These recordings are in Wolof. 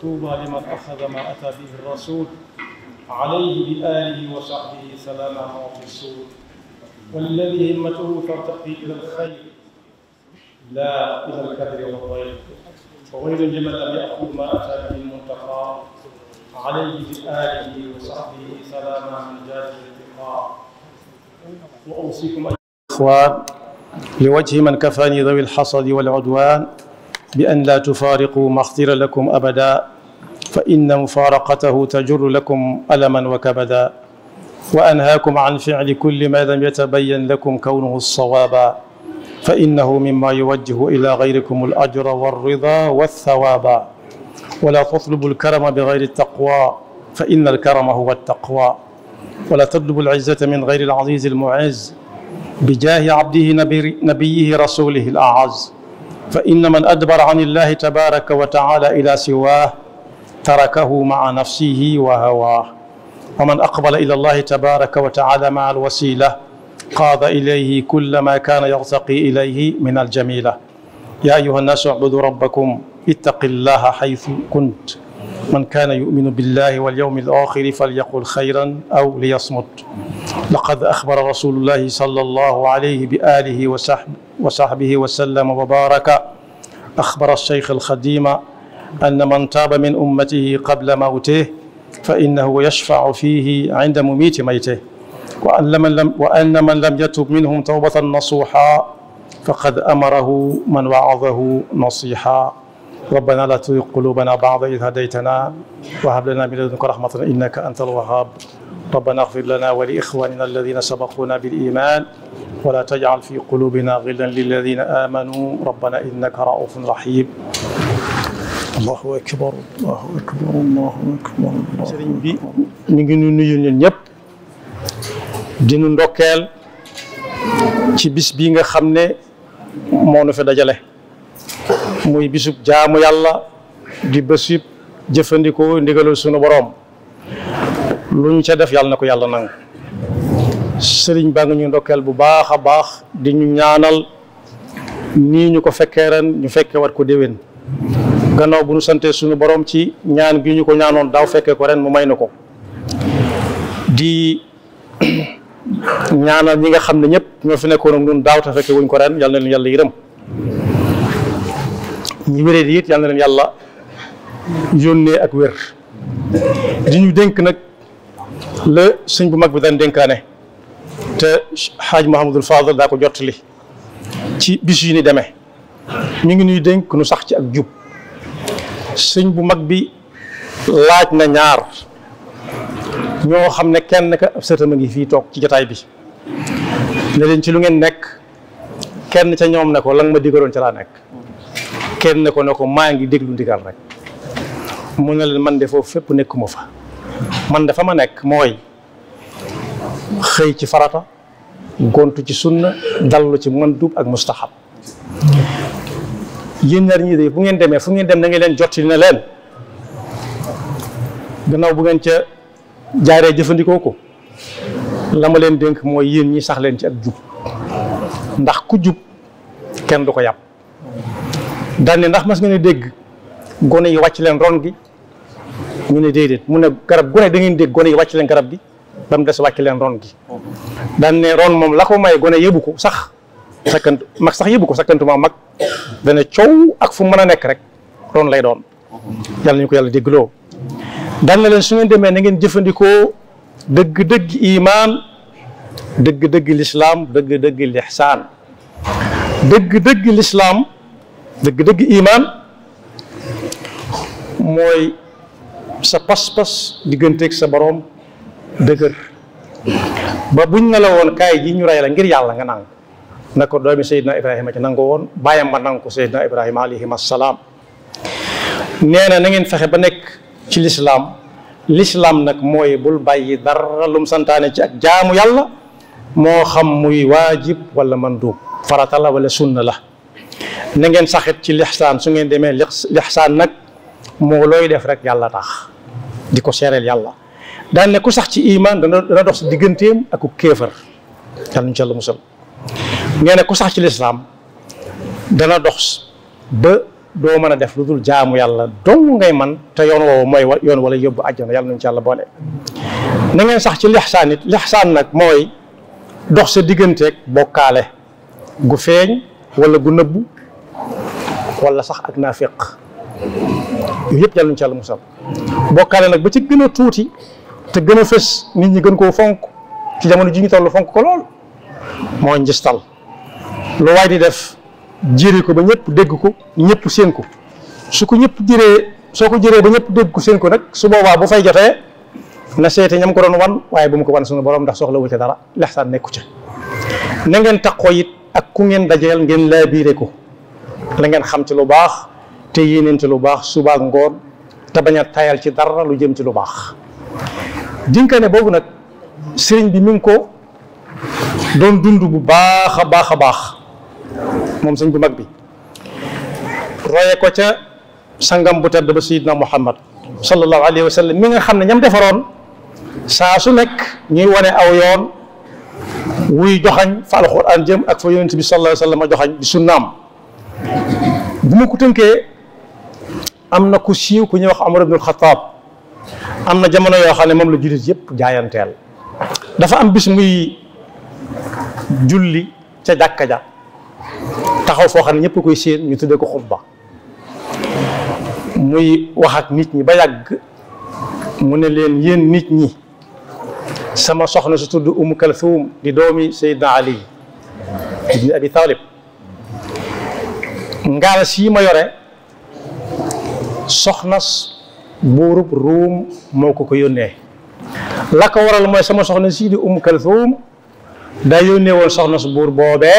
طوبى لمن أخذ ما أتى به الرسول عليه بآله وصحبه سلاما وفي السور والذي همته ترتقي إلى الخير لا إلى الكدر والضيق وويل لمن لم يأخذ ما أتى به المنتقى عليه بآله وصحبه سلاما من جاد الاتقاء وأوصيكم أيها الإخوان لوجه من كفاني ذوي الحصد والعدوان بأن لا تفارقوا مغفر لكم أبدا فإن مفارقته تجر لكم ألما وكبدا وأنهاكم عن فعل كل ما لم يتبين لكم كونه الصوابا فإنه مما يوجه إلى غيركم الأجر والرضا والثوابا ولا تطلبوا الكرم بغير التقوى فإن الكرم هو التقوى ولا تطلبوا العزة من غير العزيز المعز بجاه عبده نبيه رسوله الأعز فإن من أدبر عن الله تبارك وتعالى إلى سواه تركه مع نفسه وهواه ومن أقبل إلى الله تبارك وتعالى مع الوسيلة قاض إليه كل ما كان يرتقي إليه من الجميلة يا أيها الناس اعبدوا ربكم اتق الله حيث كنت من كان يؤمن بالله واليوم الآخر فليقل خيرا أو ليصمت لقد أخبر رسول الله صلى الله عليه بآله وصحبه وصحبه وسلم وبارك أخبر الشيخ الخديم أن من تاب من أمته قبل موته فإنه يشفع فيه عند مميت ميته وأن من لم, وأن من لم يتب منهم توبة نصوحا فقد أمره من وعظه نصيحا ربنا لا تزغ قلوبنا بعد إذ هديتنا وهب لنا من لدنك رحمة إنك أنت الوهاب ربنا اغفر لنا ولاخواننا الذين سبقونا بالايمان ولا تجعل في قلوبنا غلا للذين امنوا ربنا انك رؤوف رحيم الله اكبر الله اكبر الله اكبر سيرين بي نيغي نيو نين نيب دي نو ندوكال سي بيس بيغا خامني مو نو داجالي موي بيسوك جامو يالا دي بسيب جيفانديكو نديغالو سونو بروم lu ñu cee def yàlla na ko yàlla nangu sëriñ baa ngi ñu ndokkeel bu baax a baax di ñu ñaanal nii ñu ko fekkee ren ñu fekkee wat ko déwén gannaaw bu ñu santee suñu boroom ci ñaan gi ñu ko ñaanoon daaw fekkee ko ren mu may na ko di ñaanal ñi nga xam ne ñëpp ñoo fi nekkoon ak ñun daaw te fekkee wuñ ko ren yal na leen yàlla yërëm ñi wéree di it yal na leen yàlla yónnee ak wér di ñu dénk nag la sëñ bu mag bi daan dénkaane te xaaj Mouhamadul Fadal daa ko jottali ci bis yu ni demee ñu ngi nuy dénk nu sax ci ak jub sëñ bu mag bi laaj na ñaar ñoo xam ne kenn ka ab sëtam a ngi fii toog ci jataay bi ne leen ci lu ngeen nekk kenn ca ñoom ne ko lan ma digaloon ca laa nekk kenn ko ne ko maa ngi déglu ndigal rek mu ne leen man de foofu fépp nekkuma fa man dafa ma nekk mooy xëy ci farata gontu ci sunna dallu ci man mandub ak mustaxab yéen ñaar ñii de bu ngeen demee fu ngeen dem na ngeen leen jotti na leen gannaaw bu ngeen ca jaaree jëfandikoo ko lama leen dénk mooy yéen ñi sax leen ci ak jub ndax ku jub kenn du ko yàpp daan ndax mas ngeen dégg gone yi wàcc leen ron gi ñu ne déedéet mu ne garab gune da ngeen dégg gone yi wàcc leen garab bi bam dess ron gi dan ne ron mom la ko may gone yebuko sax sakant mak, sax yebuko sakantuma mak dana ciow ak fu nek rek ron lay doon yalla ñu ko yalla déggloo dan na leen su ngeen demee na ngeen jëfëndiko deug deug iman deug deug l'islam deug deug l'ihsan deug deug l'islam deug deug iman moy sa pas-pas sa borom dëgër ba buñ na la won kay ji ñu ray la ngir yalla nga nang nako doomi Seydina ibrahim ci nang won bayam ba nang ko Seydina ibrahim alayhi assalam neena na ngeen fexé ba nek ci l'islam l'islam nak moy bul bayyi dara lum santane ci ak jaamu yalla mo xam muy wajib wala mandub farata la wala sunna la na ngeen saxit ci l'ihsan su ngeen demee l'ihsan nak mo loy def rek yalla tax di ko yalla yàlla ne ku sax ci iman da dana dox si digganteem ak ku kéfer yàlla ñu ci yàlla musal nee na ku sax ci da na dox ba do mën def lu dul jaamu yalla dong ngay man te yoon wo moy yoon wala yobbu aljana yalla ñu ci boole na ngeen sax ci lixsaan it lixsaan nag dox sa ak bokalé gu feñ wala gu neub wala sax ak nafiq yooyu yëpp yàlla nañu ci yalla musal bokkaale nak ba ci gëna tuuti te gëna fess nit ñi gën ko fonk ci jamono ji ñu tollu fonk ko lool lu way di def jiri ko ba ñepp degg ko ñepp seen ko su ko ñepp nak soko ko ba ñepp degg ko seen ko nak su boba bu fay jotee na sété ñam ko doon wan waye bu mu ko wan suñu borom ndax wu ci dara lehsan nekku ci na ngeen takko yit ak ku ngeen dajeel ngeen laabiire ko la ngeen xam ci lu baax te yéeneente lu bax suba ngor ta baña tayal ci dara lu jëm ci lu bax jinkane bobu nak serigne bi mi ko don dundu bu baax a bax mom serigne bu mag bi roye ko ca sangam bu tedd ba sayyidna muhammad sallallahu Alaihi Wasallam. mi nga xamne ñam defaron sa su nek ñuy wane aw yoon wuy joxañ fa alquran jëm ak fa yoonte bi sallallahu alaihi wasallam sallam di bu ma ko am na ku siiw ku ñuy wax Omar ibnul Xataab am na jamono yoo xam ne moom la jullit yëpp jaayanteel dafa am bis muy julli ca jàkka ja taxaw foo xam ne ñëpp koy séen ñu tuddee ko xutba muy wax ak nit ñi ba yàgg mu ne leen yéen nit ñi sama soxna su tudd Umu Kalthum di doomi Seydina Ali ibni Abi Talib ngaal sii ma yore soxnas buruk rum moko ko yone la ko waral moy sama soxna sidi um kalthum da yone woon soxnas bur bobé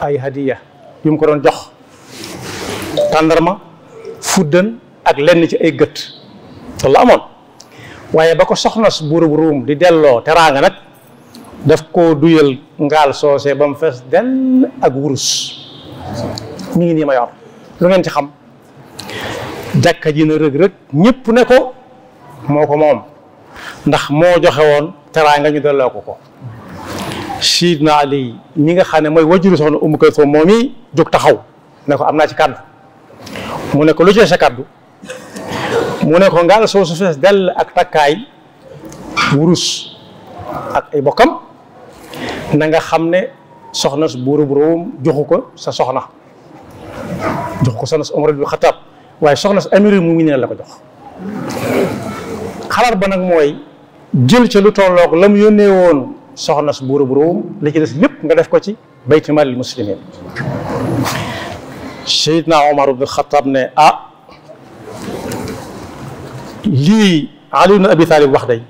ay hadiya yum ko don jox tandarma fuddan ak len ci ay geut loolu teranganat. waaye ba ko soxnas buurub ruum di delloo teranga nak daf ko duyel ngal sosé bam fess del ak wurus ni ni lu ngeen ci xam jàkka ji na rëg-rëg ñëpp ne ko moo ko moom ndax moo joxe woon nga ñu delloo ko ko naa Ali mi nga xam ne mooy wajuru soxna Umu Kalsum moom i jóg taxaw ne ko am naa ci kàddu mu ne ko lu ci sa kàddu mu ne ko ngal soo su fees dell ak takkaay wurus ak ay bokkam na nga xam ne soxna su buuru bu joxu ko sa soxna jox ko soxna si Omar bi Xataab waaye soxna si amirul mu'minin la ko jox xalaat ba nag mooy jël ca lu tolloog la mu yónnee woon soxna su buuru bu Room li ci des lépp nga def ko ci baytu maalil muslimin Seydina Omar ibn Xataab ne ah lii Ali ibn Abi wax day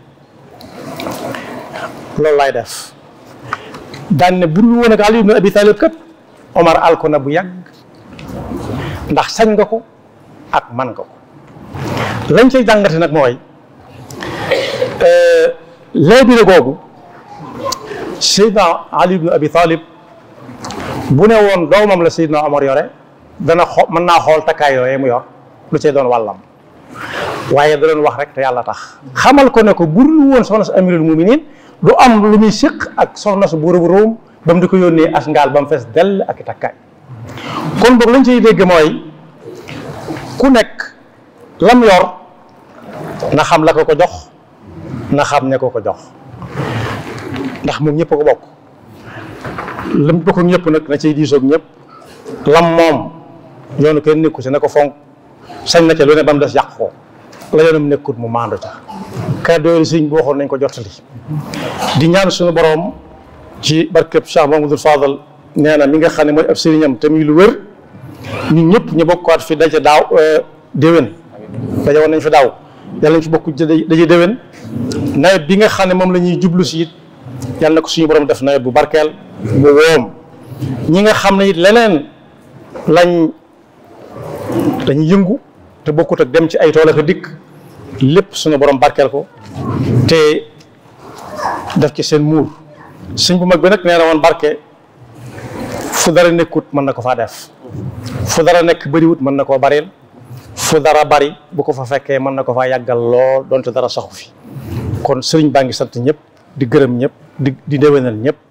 loolu laay def daan ne bu woon ak Ali bu yàgg ndax sañ nga ko ak man nga ko lañ cay jàngate nag mooy euh, léebire googu Seydina Ali ibn Abi Talib bu ne woon doomam la Seydina Omar yore dana xo mën naa xool takkaay yooye mu yor lu cay doon wàllam waaye da doon wax rek te yàlla tax xamal ko ne ko bu dul woon soxna su amirul muminin du am lu muy séq ak soxna su buuru bu Róom di ko yónnee as ngaal ba dell ak i takkaay kon boog lañ ciy dégg mooy ku nekk lam yor na xam la ko ko jox na xam ne ko ko jox ndax moom ñëpp ko bokk lam bokk ñëpp nag na ciy diisoog ñëpp lam moom yoonu kenn nekku si na ko fonk sañ na ca lu ne ba mu des yàq ko la yoonam nekkut mu maandu ca kàddu yooyu sëñ bi waxoon nañ ko jottali di ñaan suñu boroom ci barkeb Cheikh Mamadou Fadal neena mi nga xamne moy ab serignam te muy lu wër ñun ñëpp ñu bokkaat fi daw euh dewen dajé won nañ fi daw yalla ñu fi bokku dajé dewen nay bi nga xamne mom lañuy jublu ci it yalla ko suñu borom def nay bu barkel bu woom ñi nga xamne ne it leneen lañ dañ yëngu te bokkut ak dem ci ay tole ko dik lepp suñu borom barkel ko te daf ci seen mur sëñ bu mag bi nak neena won fu dara nekkut mën na ko faa def fu dara nekk bëriwut mën na koo baril fu dara bari bu ko fa fekkee mën na ko faa yàggal lool donte dara saxu fi kon sëriñ baa ngi sant ñëpp di gërëm ñëpp di di déwénal ñëpp